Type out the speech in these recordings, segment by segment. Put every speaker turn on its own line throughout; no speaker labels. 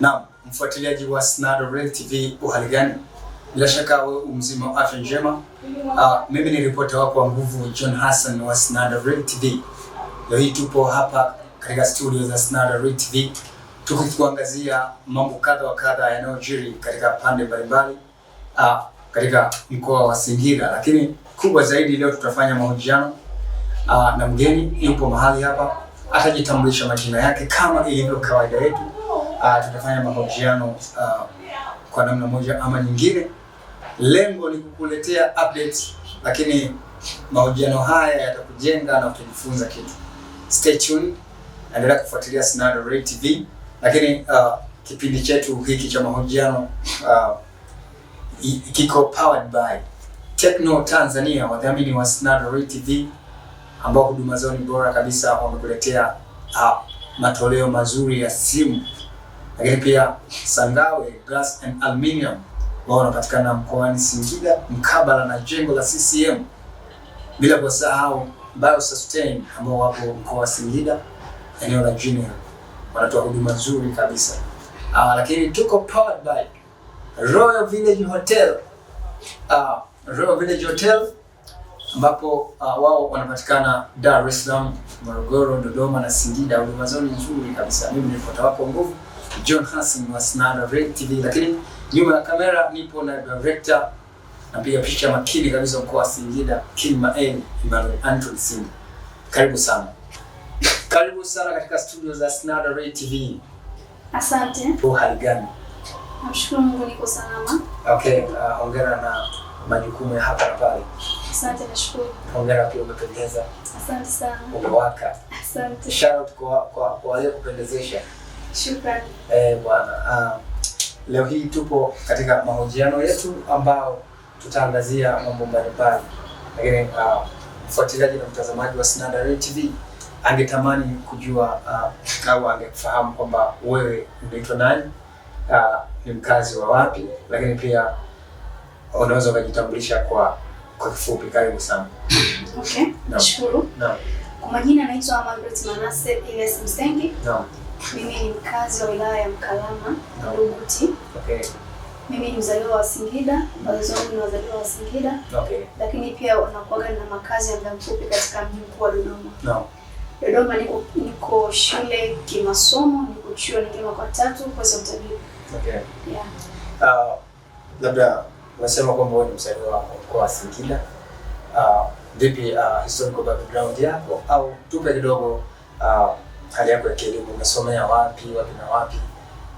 Na mfuatiliaji wa Snada Real TV, uhali gani? Bila shaka wewe umzima wa afya njema. Uh, mimi ni ripota wako wa nguvu John Hassan wa Snada Real TV. Leo hii tupo hapa katika studio za Snada Real TV tukikuangazia mambo kadha wa kadha yanayojiri katika pande mbalimbali uh, katika mkoa wa Singida, lakini kubwa zaidi leo tutafanya mahojiano uh, na mgeni yupo mahali hapa, atajitambulisha majina yake kama ilivyo kawaida yetu uh, tutafanya mahojiano uh, kwa namna moja ama nyingine. Lengo ni kukuletea update, lakini mahojiano haya yatakujenga na utajifunza kitu. Stay tuned, endelea kufuatilia Sinado Ray TV, lakini uh, kipindi chetu hiki cha mahojiano uh, kiko powered by Techno Tanzania, wadhamini wa Sinado Ray TV ambao huduma zao ni bora kabisa, wamekuletea uh, matoleo mazuri ya simu lakini pia Sangawe Glass and Aluminium wao wanapatikana mkoani Singida mkabala na jengo la CCM, bila kusahau Sustain ambao wapo mkoa wa Singida eneo la Junior wanatoa huduma nzuri kabisa. Uh, lakini tuko powered by Royal Village Hotel uh, Royal Village Hotel ambapo uh, wao wanapatikana Dar es Salaam Morogoro, Dodoma na Singida. Huduma zao ni nzuri kabisa. Mimi ni nilipata wapo nguvu John Hassan wa Snada Red TV, lakini nyuma ya kamera nipo na director na pia picha makini kabisa mkoa wa Singida, Kilma Kimael Emmanuel Anton Sinda. Karibu sana. Karibu sana katika studio za Snada Red TV.
Asante.
Po hali gani?
Namshukuru Mungu niko salama.
Okay, hongera uh, na majukumu ya hapa na pale.
Asante nashukuru.
Hongera pia umependeza. Asante sana. Umewaka. Asante. Shout kwa kwa kwa wale kupendezesha. Shukrani. Eh, bwana. Uh, leo hii tupo katika mahojiano yetu ambao tutaangazia mambo mbalimbali. Lakini uh, mfuatiliaji na mtazamaji wa Snada TV angetamani kujua uh, au angefahamu kwamba wewe unaitwa nani? Uh, ni mkazi wa wapi? Lakini pia unaweza ukajitambulisha kwa kwa kifupi. Karibu sana.
Okay. Nashukuru. Naam. Kwa majina naitwa Margaret Manase Elias Msengi. Naam. Mimi ni mkazi wa wilaya ya Mkalama, Daruguti. Okay. Mimi ni mzaliwa wa Singida, wazazi wangu ni wazaliwa wa Singida. Okay. Lakini pia wanakuaga na makazi ya muda mfupi katika mji mkuu wa Dodoma. Naam. Dodoma niko, niko shule kimasomo, niko chuo nikiwa kwa tatu kwa sababu. Okay. Yeah.
Uh, labda Unasema kwamba wewe ni msanii wa mkoa wa Singida. Ah, vipi uh, ah, historical background yako au tupe kidogo uh, hali yako ya kielimu, umesomea wapi wapi na wapi,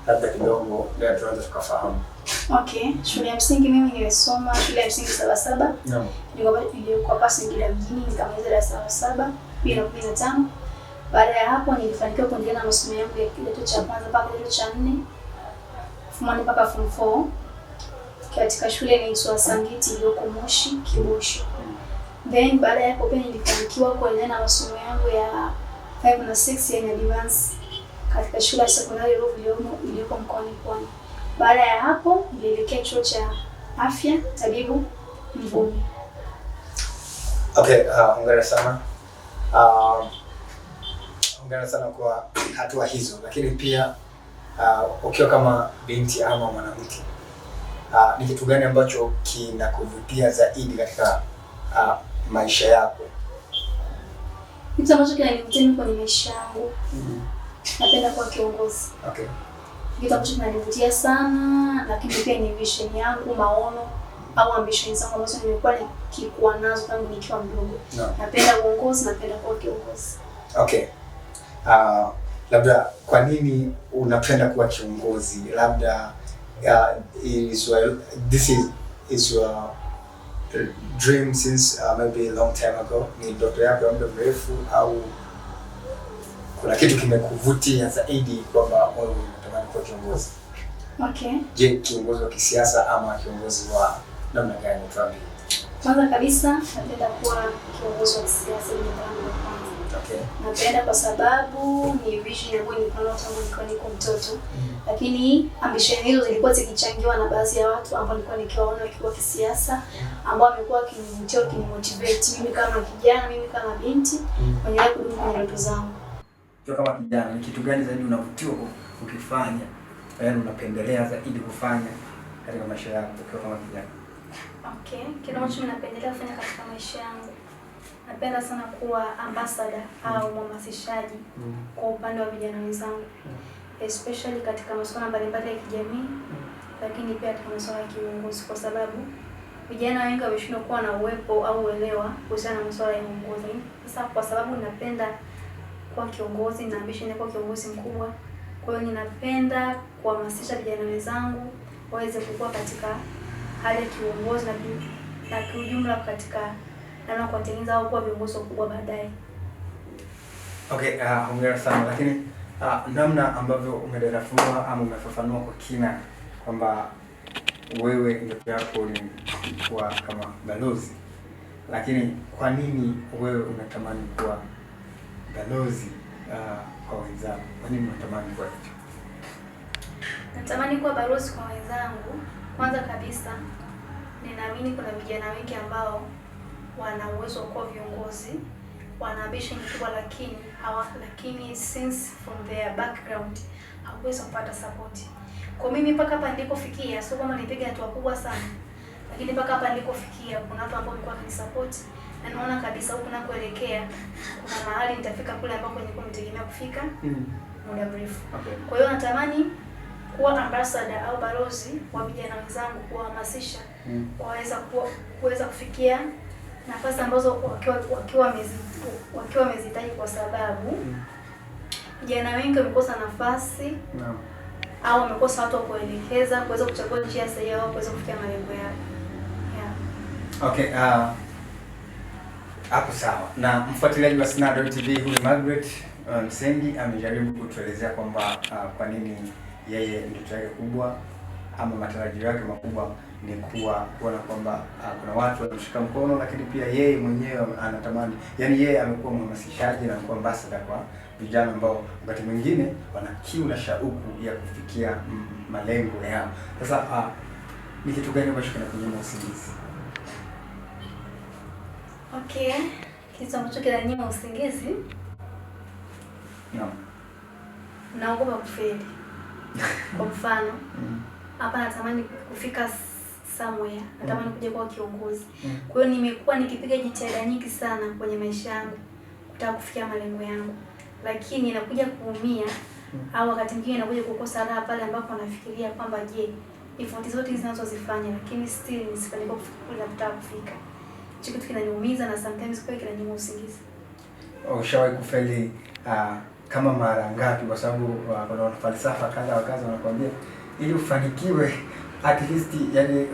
labda kidogo ndio tuanze tukafahamu.
Okay, shule ya msingi mimi nilisoma shule ya msingi Sabasaba. Naam. Nilikuwa hapa Singida mjini nikamaliza darasa la saba bila kupita tano. Baada ya hapo nilifanikiwa kuendelea na masomo yangu ya kidato cha kwanza mpaka kidato cha nne, Fumani mpaka form four katika shule inaitwa Sangiti iliyoko Moshi Kibosho. Then baada ya hapo pia nilifanikiwa kuendelea na masomo yangu ya 5 na 6 yenye advance katika shule ya sekondari Ruvu iliyoko mkoani Pwani. Baada ya hapo nilielekea chuo cha afya tabibu Mvumi.
Okay, uh, hongera uh, sana hongera uh, sana kwa hatua hizo, lakini pia uh, ukiwa kama binti ama mwanamke uh, ni kitu gani ambacho kinakuvutia zaidi katika uh, maisha yako?
Kitu ambacho kinanivutia mimi kwenye maisha yangu, mm -hmm. napenda kuwa kiongozi. Okay. Kitu ambacho kinanivutia sana, lakini pia ni vision yangu, maono au ambition zangu ambazo nimekuwa nikikuwa nazo tangu nikiwa mdogo.
No. Napenda
uongozi, napenda kuwa kiongozi.
Okay. Uh, labda kwa nini unapenda kuwa kiongozi? Labda yeah, in Israel. This is Israel. your uh, dream since uh, maybe a long time ago. Ni ndoto yako ya muda mrefu au kuna kitu kimekuvutia zaidi kwamba wewe unatamani kuwa kiongozi? Okay. Je, kiongozi wa kisiasa ama kiongozi wa namna gani? Tuambie.
Kwanza kabisa napenda kuwa kiongozi wa kisiasa. ni napenda kwa sababu ni vision ambayo nilikuwa nayo tangu nilikuwa niko mtoto mm. Lakini ambition hizo zilikuwa zikichangiwa na baadhi ya watu ambao nilikuwa nikiwaona wakiwa kisiasa, ambao wamekuwa wakinivutia, wakinimotivate mimi kama kijana, mimi kama binti mm. kwenye kudumu kwenye ndoto zangu.
kwa Kama kijana, ni kitu gani zaidi unavutiwa ukifanya, yaani unapendelea zaidi kufanya katika maisha yako kwa kama kijana?
Okay, kile ambacho ninapendelea kufanya katika maisha yangu napenda sana kuwa ambassador au mhamasishaji kwa upande wa vijana wenzangu, especially katika masuala mbalimbali ya kijamii, lakini pia katika masuala ya kiuongozi, kwa sababu vijana wengi wameshindwa kuwa na uwepo au uelewa kuhusiana na masuala ya uongozi. Sasa kwa sababu napenda kuwa kiongozi na ambition kuwa kiongozi mkubwa, kwa hiyo ninapenda kuhamasisha vijana wenzangu waweze kukua katika hali ya kiuongozi na kiujumla katika na kuwatengeneza hao kuwa viongozi wakubwa baadaye.
Okay, uh, hongera sana lakini uh, namna ambavyo umedarafuwa ama umefafanua kwa kina kwamba wewe ndoto yako ni kuwa kama balozi, lakini kwa nini wewe unatamani kuwa balozi uh, kwa wenzako? Kwa nini unatamani kuwa hicho?
Natamani kuwa balozi kwa wenzangu, kwanza kabisa ninaamini kuna vijana wengi ambao wana uwezo wa kuwa viongozi, wana ambition kubwa, lakini hawa, lakini since from their background hakuweza kupata support. Kwa mimi mpaka hapa nilipofikia, sio kama nipige hatua kubwa sana, lakini mpaka hapa nilipofikia kuna watu ambao walikuwa wanisupport na naona kabisa huko nakoelekea kuna mahali nitafika kule ambapo nilikuwa nitegemea kufika mm. muda mrefu. Okay. Kwa hiyo natamani kuwa ambassador au balozi wa vijana wenzangu kuwahamasisha mm. kuweza kufikia nafasi ambazo wakiwa wakiwa wamezihitaji kwa sababu mm. vijana wengi wamekosa nafasi au wamekosa watu wa kuelekeza kuweza kuchagua njia sahihi au kuweza kufikia malengo yao.
Yeah. Okay, uh, hapo sawa. Na mfuatiliaji wa Snada TV huyu Margaret uh, Msengi um, amejaribu kutuelezea kwamba uh, kwa nini yeye ndoto yake kubwa ama matarajio yake makubwa ni kuwa kuona kwamba uh, kuna watu wanamshika mkono, lakini pia yeye mwenyewe anatamani, yaani yeye amekuwa mhamasishaji na amekuwa ambassador kwa vijana ambao wakati mwingine wana kiu na shauku ya kufikia mm, malengo yao. Sasa uh, ni kitu gani ambacho kinakunyima usingizi?
Okay, kitu ambacho kinanyima usingizi no. naogopa kufeli kwa mfano mm hapa natamani kufika somewhere, natamani mm. kuja kuwa kiongozi mm. kwa hiyo nimekuwa nikipiga jitihada nyingi sana kwenye maisha yangu kutaka kufikia malengo yangu, lakini inakuja kuumia mm. au wakati mwingine inakuja kukosa raha pale ambapo nafikiria kwamba je, tofauti zote zinazozifanya lakini still nisifanikiwa kufika kule nataka kufika. Hicho kitu kinaniumiza na sometimes kwa kinanyima usingizi.
Ushawahi kufeli uh, kama mara ngapi? Kwa sababu uh, kuna wanafalsafa kadha wa kadha wanakuambia ili ufanikiwe at least yani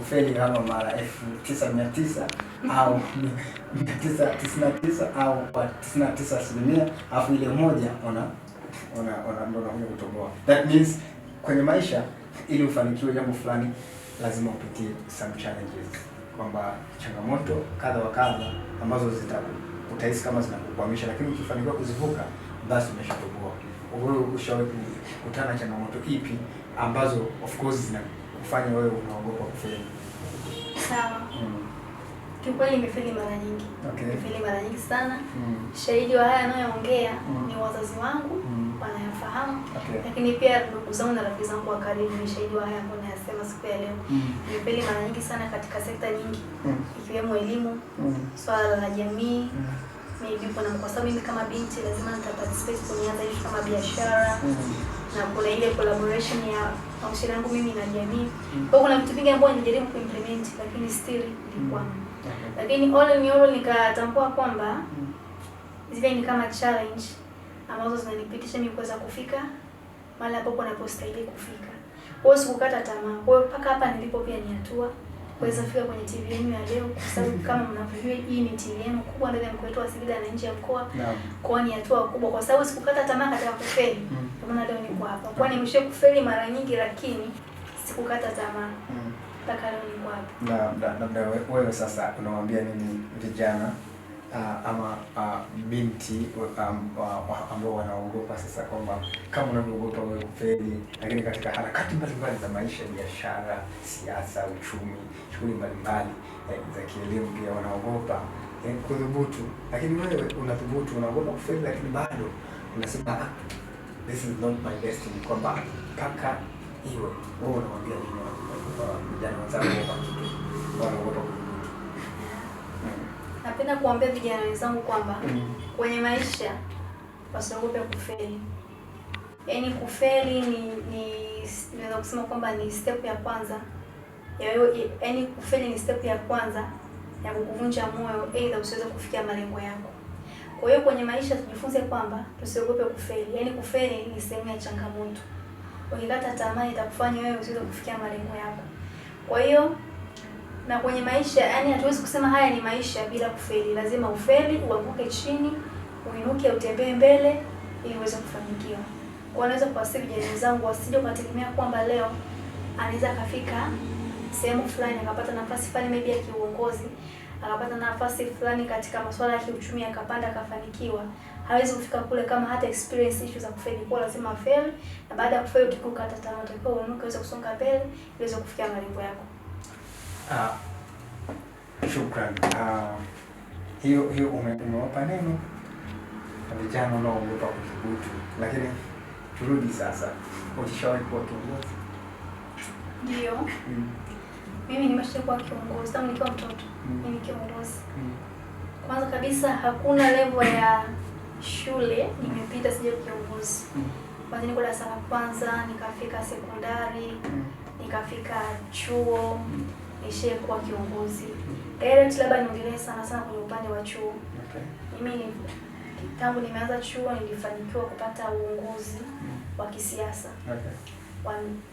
ufeli kama mara elfu tisa mia tisa au mia tisa tisini na tisa au kwa tisini na tisa asilimia alafu ile moja ona una una unakuja kutoboa. That means kwenye maisha ili ufanikiwe jambo fulani lazima upitie some challenges, kwamba changamoto kadha wa kadha ambazo zita utahisi kama zinakukwamisha, lakini ukifanikiwa kuzivuka basi umeshatoboa wewe ushawahi kukutana changamoto ipi ambazo of course zinakufanya wewe unaogopa kufeli?
Sawa. Mm. Kiukweli nimefeli mara nyingi. Okay. Nimefeli mara nyingi sana. Mm. Shahidi wa haya anayoongea mm. ni wazazi wangu mm. wanayafahamu. Okay. Lakini pia ndugu zangu na rafiki zangu wa karibu ni shahidi wa haya ambao nayasema siku ya leo. Mm. Nimefeli mara nyingi sana katika sekta nyingi mm. ikiwemo elimu, mm. swala la jamii, mm meibipo na kwa sababu mimi kama binti lazima nitaparticipate kwenye hata hivi kama biashara mm-hmm. na kuna ile collaboration ya mahusiano yangu mimi na jamii mm -hmm. kuna vitu vingi ambavyo nilijaribu kuimplement lakini still ilikuwa mm-hmm. lakini all in all nikatambua kwamba mm-hmm. zile ni kama challenge ambazo zinanipitisha mimi kuweza kufika mahali hapo panapostahili kufika. Kwa hiyo sikukata tamaa. Kwa hiyo mpaka hapa nilipo pia ni hatua kuweza kufika kwenye TV yenu ya leo, kwa sababu kama mnavyojua hii ni TV yenu kubwa ndani ya mkoa wetu wa Singida na nje ya mkoa. Kwa ni hatua kubwa, kwa sababu sikukata tamaa katika kufeli, ndio mm. maana leo niko hapa. Kwa nimeshe kufeli mara nyingi, lakini sikukata tamaa mm. mpaka leo niko
hapa. Naam, labda wewe sasa unamwambia nini vijana uh, ama uh, binti um, uh, ambao wanaogopa sasa kwamba kama unavyoogopa wewe kufeli, lakini katika harakati mbalimbali za maisha, biashara, siasa, uchumi, shughuli mbalimbali eh, za kielimu, pia wanaogopa eh, kudhubutu, lakini wewe unathubutu. Unaogopa kufeli, lakini bado unasema ah, this is not my destiny, kwamba mpaka iwe. Wewe unamwambia vijana wenzako wanaogopa
napenda kuambia vijana wenzangu kwamba mm. kwenye maisha wasiogope kufeli. Yaani kufeli ni ni naweza kusema kwamba ni step ya kwanza yaani kufeli ni step ya kwanza ya kukuvunja moyo, aidha usiweze kufikia malengo yako. Kwa hiyo kwenye maisha tujifunze kwamba tusiogope kufeli, yaani kufeli ni sehemu ya changamoto. Ukikata tamaa itakufanya wewe usiweze kufikia malengo yako, kwa hiyo na kwenye maisha, yani hatuwezi kusema haya ni maisha bila kufeli. Lazima ufeli, uanguke chini, uinuke, utembee mbele ili uweze kufanikiwa. Kwa naweza kuwasihi vijana zangu wasije kutegemea kwamba leo anaweza akafika sehemu fulani akapata nafasi fulani maybe ya kiuongozi, akapata nafasi fulani katika masuala ya kiuchumi, akapanda akafanikiwa. Hawezi kufika kule kama hata experience issues za kufeli, kwa lazima fail, na baada ya kufeli utakukata tamaa, utakiwa uinuke uweze kusonga mbele ili uweze kufikia malengo yako. Uh,
shukran. Ah, hiyo hiyo umewapa neno na vijana unaogopa kuthubutu, lakini turudi sasa, ulishawahi kuwa kiongozi?
Ndio. Mm. Mimi nimeshawahi kuwa kiongozi tangu nikiwa mtoto. Mm. Mimi kiongozi. Mm. Kwanza kabisa hakuna level ya shule nimepita sija kiongozi. Mm. Kwanza niko darasa la kwanza, nikafika sekondari, mm. nikafika chuo. Mm nishie kuwa kiongozi. Direct labda niongelee sana sana kwenye upande wa chuo. Okay. Mimi tangu nimeanza chuo nilifanikiwa kupata uongozi wa kisiasa. Okay.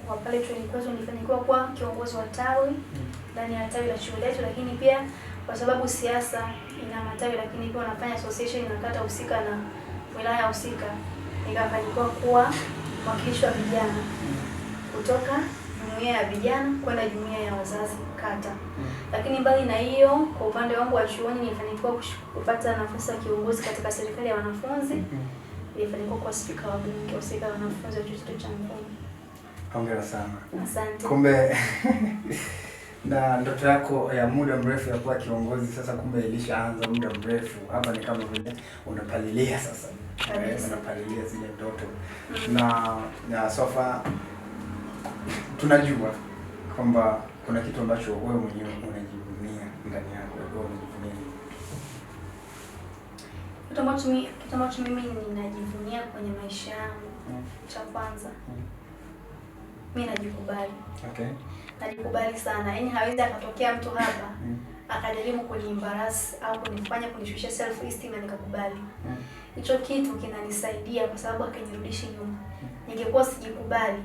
Kwa pale chuo nilikuwa nilifanikiwa kuwa kiongozi wa tawi mm. ndani ya tawi la chuo letu, lakini pia kwa sababu siasa ina matawi, lakini pia wanafanya association na kata husika na wilaya husika, nikafanikiwa kuwa mwakilishi wa vijana mm. kutoka jumuiya ya vijana kwenda jumuiya ya wazazi kata. Mm. Lakini mbali na hiyo, kwa upande wangu wa chuoni nilifanikiwa kupata nafasi ya kiongozi katika serikali ya wanafunzi. Mm. Nilifanikiwa kuwa spika wa bunge wa serikali ya wanafunzi wa chuo chetu cha Mvumi.
Hongera sana. Asante. Kumbe na ndoto yako ya muda mrefu ya kuwa kiongozi sasa kumbe ilishaanza muda mrefu. Hapa ni kama vile unapalilia sasa. Eh, unapalilia zile ndoto. Mm. Na, na sofa tunajua kwamba kuna kitu ambacho wewe mwenyewe unajivunia ndani yako, wewe unajivunia
Kitu ambacho mimi ninajivunia kwenye maisha yangu, hmm. cha kwanza hmm. mimi najikubali. Okay, najikubali sana, yaani hawezi akatokea mtu hapa hmm. akajaribu kunimbarasi au kunifanya kunishusha self esteem na nikakubali mm. hicho hmm. kitu kinanisaidia kwa sababu akinirudishi nyuma, mm. ningekuwa sijikubali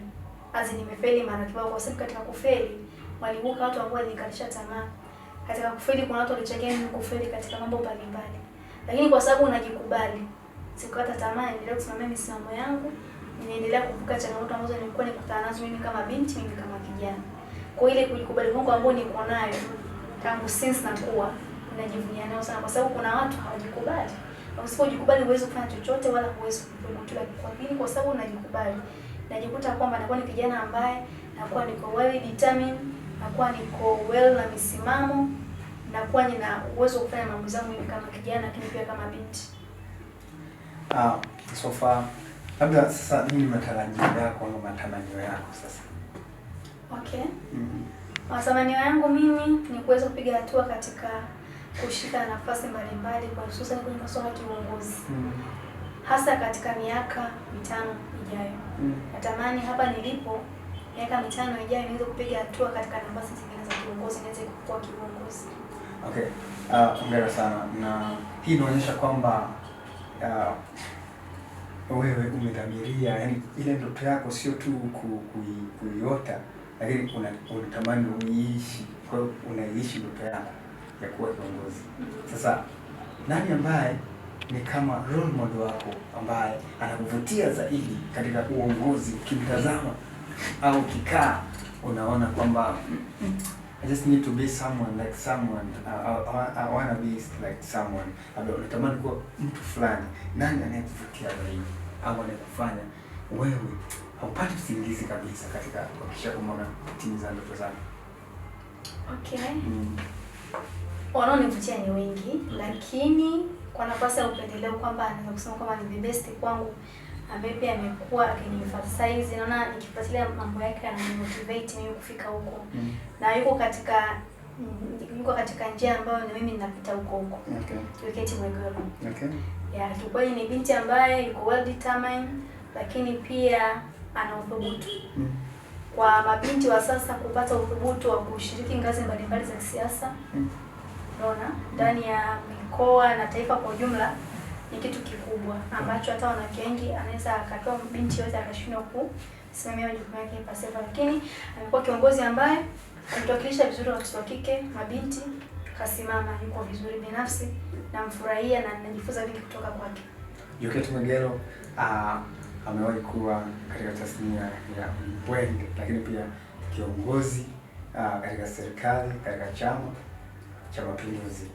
azi nimefeli maana kibao, kwa sababu katika kufeli waliibuka watu ambao walikatisha tamaa. Katika kufeli kuna watu walichangia mimi kufeli katika mambo mbalimbali, lakini kwa sababu unajikubali, sikukata tamaa, endelea kusimamia misimamo yangu, niendelea kuvuka changamoto ambazo nilikuwa nikutana nazo mimi kama binti, mimi kama kijana. Kwa ile kujikubali kwangu ambao niko nayo tangu since nakuwa najivunia nayo sana, kwa sababu kuna watu hawajikubali. Usipojikubali huwezi kufanya chochote, wala huwezi kufanikiwa, kwa sababu unajikubali najikuta kwamba nakuwa ni kijana ambaye nakuwa niko well determined, nakuwa niko well na misimamo, nakuwa nina uwezo wa kufanya mambo zangu kama kijana, lakini pia kama binti.
Ah, so far labda sasa nini matarajio yako au matamanio yako sasa?
Okay. Mm -hmm. Matamanio yangu mimi ni kuweza kupiga hatua katika kushika nafasi mbalimbali kwa hususan kwenye masuala ya kiuongozi. Mm -hmm. Hasa katika miaka mitano ijayo. Mm. Natamani hapa nilipo miaka mitano ijayo niweze kupiga hatua katika nafasi zingine za kiongozi, niweze kuwa kiongozi.
Okay, ah, hongera uh, sana na hii inaonyesha kwamba uh, wewe umedhamiria, yani ile ndoto yako sio tu kuiota kui, lakini unatamani uiishi, kwa hiyo unaiishi ndoto yako ya kuwa kiongozi. Mm. Sasa nani ambaye ni kama role model wako ambaye anakuvutia zaidi katika uongozi. Ukimtazama au ukikaa, unaona kwamba I just need to be someone like someone I, I wanna be like someone, labda unatamani kuwa mtu fulani. Nani anayekuvutia zaidi au anayekufanya wewe haupati usingizi kabisa katika kuhakikisha kwamba unatimiza ndoto zako?
Okay, mm. wanaonivutia ni wengi, lakini kwa nafasi ya upendeleo kwamba naweza kusema kwamba ni the best kwangu, ambaye pia amekuwa akiniemphasize. Naona nikifuatilia mambo yake ananimotivate mimi kufika huko mm. na yuko katika niko katika njia ambayo na mimi ninapita huko huko. Okay. Weketi Mwegoro. Okay. Yeah, kiukweli ni binti ambaye yuko well determined lakini pia ana uthubutu. Mm. Kwa mabinti wa sasa kupata uthubutu wa kushiriki ngazi mbalimbali za kisiasa. Mm. Unaona? Ndani ya mkoa na taifa kwa ujumla ni kitu kikubwa ambacho hata wanawake wengi anaweza akatoa binti yote akashindwa kusimamia majukumu yake ipasavyo, lakini amekuwa kiongozi ambaye alituwakilisha vizuri watoto wa kike, mabinti kasimama, yuko vizuri. Binafsi namfurahia na ninajifunza vingi kutoka kwake.
Jokate Mwegelo uh, ah, amewahi kuwa katika tasnia ya ubwenge, lakini pia kiongozi uh, katika serikali, katika Chama cha Mapinduzi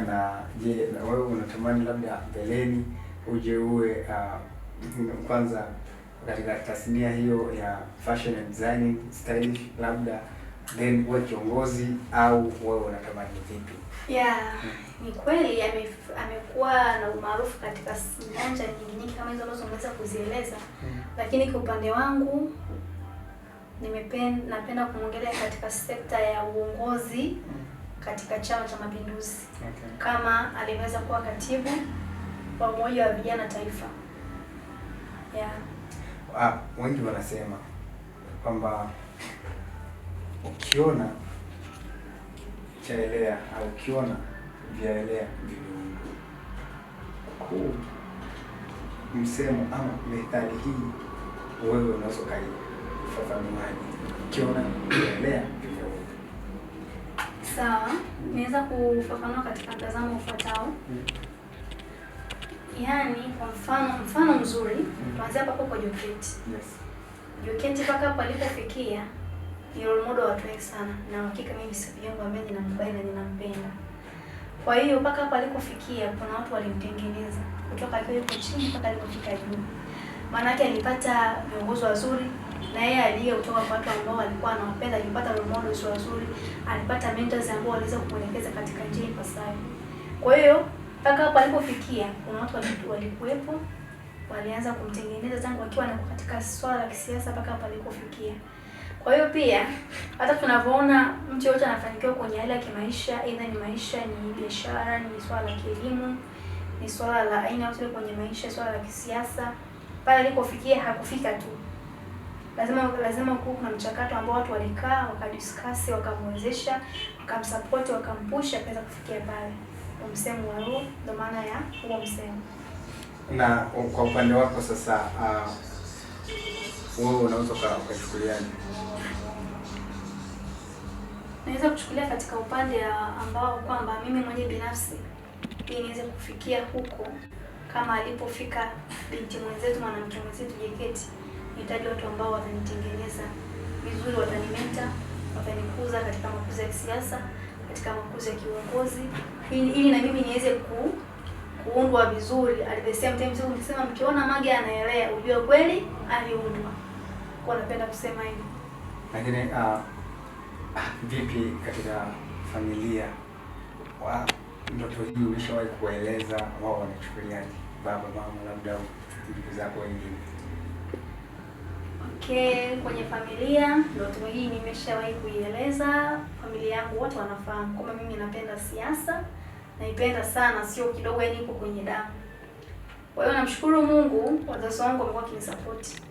na je, na wewe unatamani labda mbeleni uje uwe uh, kwanza katika tasnia hiyo ya fashion and designing stylish labda then uwe kiongozi au wewe unatamani vipi?
Yeah, Ni kweli amekuwa na umaarufu katika nyanja nyingi nyingi kama hizo ambazo unaweza kuzieleza hmm. Lakini kwa upande wangu nimependa napenda kumwongelea katika sekta ya uongozi hmm katika Chama cha Mapinduzi okay. Kama aliweza kuwa katibu wa Umoja wa Vijana Taifa
yeah. Ah, wengi wanasema kwamba ukiona chaelea au ukiona vyaelea vidudu. Kuu msemo ama methali hii wewe unaweza ukaifafanuaje? Ukiona vyaelea
Sawa, naweza kufafanua katika mtazamo ufuatao. Mm. Yaani kwa mfano, mfano mzuri mm. kuanzia hapo kwa Joketi. Yes. Joketi mpaka hapo alipofikia ni role model watu wengi sana, na hakika mimi siku yangu ambaye ninamkubali na ninampenda. Kwa hiyo mpaka hapo alipofikia kuna watu walimtengeneza kutoka akiwa yuko chini mpaka alipofika juu. Maana yake alipata viongozi wazuri na yeye aliye kutoka kwa watu ambao walikuwa anawapenda, alipata role models wazuri, alipata mentors ambao waliweza kumwelekeza katika njia ipasayo. Kwa hiyo mpaka hapo alipofikia, kuna watu walikuwepo, walianza kumtengeneza tangu akiwa na katika swala la kisiasa mpaka hapo alipofikia. Kwa hiyo pia hata tunavyoona mtu yote anafanikiwa kwenye hali ya kimaisha, aidha ni maisha, ni biashara, ni swala la kielimu, ni swala la aina yote kwenye maisha, swala la kisiasa, pale alipofikia hakufika tu lazima lazima kuwa kuna mchakato ambao watu walikaa wakadiskasi, wakamwezesha, wakamsapoti, wakampusha akaweza kufikia pale. Msemo wa roho, ndo maana ya huo msemo.
Na kwa upande wako sasa, ah, wewe uh, unaweza ukachukuliaje?
Naweza kuchukulia katika upande ambao kwamba mimi mwenye binafsi ili niweze kufikia huko kama alipofika binti mwenzetu, mwanamke mwenzetu Jeketi Nahitaji watu ambao watanitengeneza vizuri, watanimeta watanikuza katika makuzi ya kisiasa, katika makuzi ya kiuongozi, ili na mimi niweze ku kuundwa vizuri. At the same time, sio nikisema mkiona Mage anaelea, ujue kweli aliundwa. Kwa napenda kusema hivi.
Lakini uh, vipi katika familia wa ndoto hii, umeshawahi kueleza wao wanachukuliaje, baba mama, labda ndugu zako wengine?
kipekee kwenye familia. Ndoto hii nimeshawahi kuieleza, familia yangu wote wanafahamu kwamba mimi napenda siasa, naipenda sana, sio kidogo, yani iko kwenye damu. Kwa hiyo namshukuru Mungu, wazazi wangu wamekuwa wakinisapoti.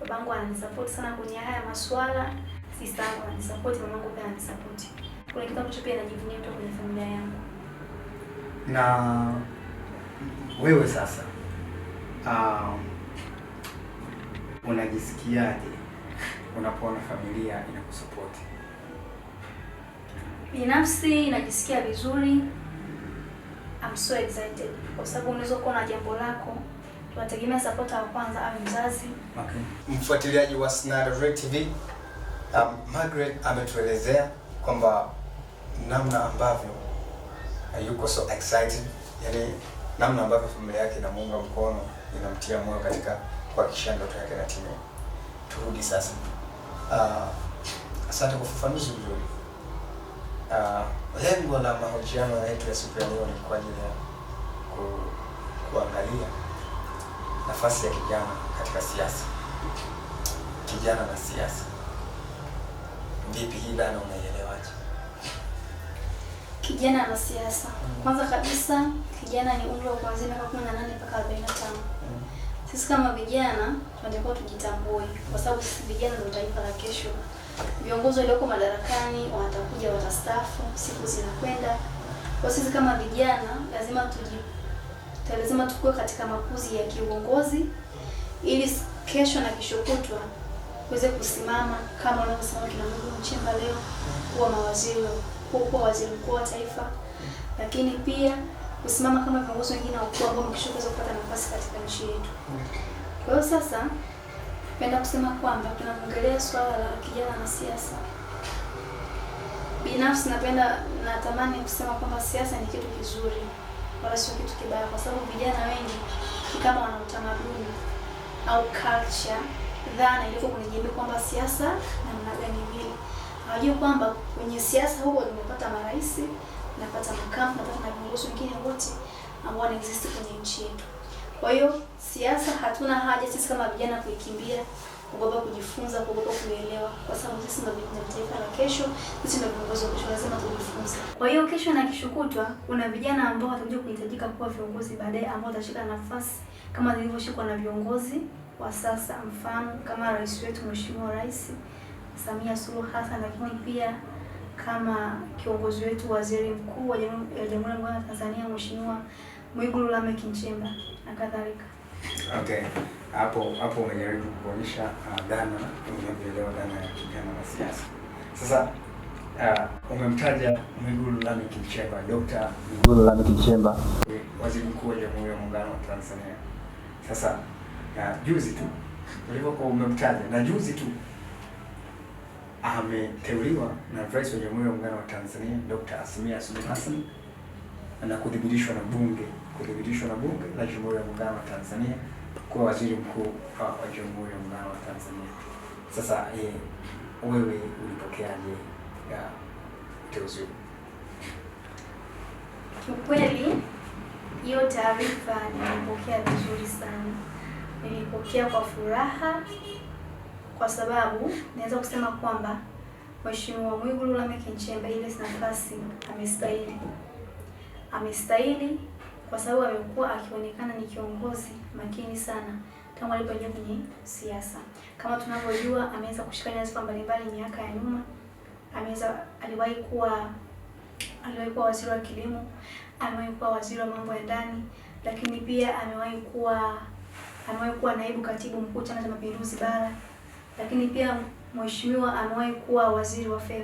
Babangu ananisupport sana kwenye haya masuala, sister yangu ananisupport, mamangu pia ananisupport. Kuna kitu ambacho pia najivunia kutoka kwenye familia yangu.
Na wewe sasa um, unajisikiaje unapoona familia inakusupoti?
Binafsi najisikia vizuri, I'm so excited kwa sababu unaweza kuwa na jambo lako, tunategemea sapota wa kwanza awe mzazi.
Okay. Mfuatiliaji wa Snada TV, um, Margaret ametuelezea kwamba namna ambavyo yuko so excited, yani namna ambavyo familia yake inamuunga mkono, inamtia moyo katika kuhakikisha ndoto yake inatimia. Turudi sasa. Uh, asante kwa ufafanuzi mzuri. Uh, lengo la mahojiano yetu ya siku ya leo ni kwa ajili ya ku, kuangalia nafasi ya kijana katika siasa. Kijana na siasa, vipi hii dhana unaielewaje?
Kijana na siasa, kwanza kabisa kijana ni umri wa kuanzia miaka 18 mpaka 40. Sisi kama vijana tunatakiwa tujitambue, kwa sababu sisi vijana ndio taifa la kesho. Viongozi walioko madarakani watakuja, watastaafu, siku zinakwenda. Kwa sisi kama vijana lazima tuji lazima tukue katika makuzi ya kiuongozi, ili kesho na kesho kutwa kuweze kusimama kama wanavyosema kina Mungu mchimba leo kuwa mawaziri, kuwa waziri mkuu wa taifa, lakini pia kusimama kama viongozi wengine wakubwa ambao wamekwisha kuweza kupata nafasi katika nchi yetu. Kwa hiyo sasa napenda kusema kwamba tunaongelea swala la kijana na siasa. Binafsi napenda natamani kusema kwamba siasa ni kitu kizuri wala sio kitu kibaya, kwa sababu vijana wengi kama wana utamaduni au culture dhana iliyoko kwenye jamii kwamba siasa namna gani vile, hawajui kwamba kwenye siasa huko tumepata marais napata makamu, napata na viongozi wengine wote ambao wana exist kwenye nchi yetu. Kwa hiyo siasa hatuna haja sisi kama vijana kuikimbia, kuogopa kujifunza, kuogopa kuelewa, kwa sababu sisi ndio taifa la kesho, sisi ndio viongozi wa kesho, lazima tujifunze. Kwa hiyo kesho na kesho kutwa kuna vijana ambao watakuja kuhitajika kuwa viongozi baadaye, ambao watashika nafasi kama zilivyoshikwa na viongozi wa sasa, mfano kama rais wetu Mheshimiwa Rais Samia Suluhu Hassan, lakini pia kama kiongozi wetu waziri mkuu wa Jamhuri ya Muungano wa Tanzania Mheshimiwa Mwigulu Lameck Nchemba na kadhalika.
Okay, hapo hapo umejaribu kuonyesha uh, dhana unavyoelewa dhana ya kijana na siasa. Sasa uh, umemtaja Mwigulu Lameck Nchemba, Dr.
Mwigulu Lameck Nchemba,
waziri mkuu wa Jamhuri ya Muungano wa Tanzania. Sasa uh, juzi tu ulivyokuwa umemtaja na juzi tu ameteuliwa na Rais wa Jamhuri ya Muungano wa Tanzania Dr. Samia Suluhu Hassan na kudhibitishwa na bunge kudhibitishwa na bunge la Jamhuri ya Muungano wa Tanzania kuwa waziri mkuu wa Jamhuri ya Muungano wa Tanzania. Sasa eh, wewe ulipokeaje uteuzi huu?
Kiukweli hiyo taarifa nilipokea vizuri sana, nilipokea kwa furaha kwa sababu naweza kusema kwamba Mheshimiwa Mwigulu Lameck Nchemba ile nafasi amestahili, amestahili kwa sababu amekuwa akionekana ni kiongozi makini sana kama alipoingia kwenye siasa. Kama tunavyojua, ameweza kushika nyadhifa mbalimbali miaka ya nyuma, ameweza aliwahi kuwa aliwahi kuwa waziri wa kilimo, amewahi kuwa waziri wa mambo ya ndani, lakini pia amewahi kuwa amewahi kuwa naibu katibu mkuu Chama cha Mapinduzi bara lakini pia mheshimiwa amewahi kuwa waziri wa fedha.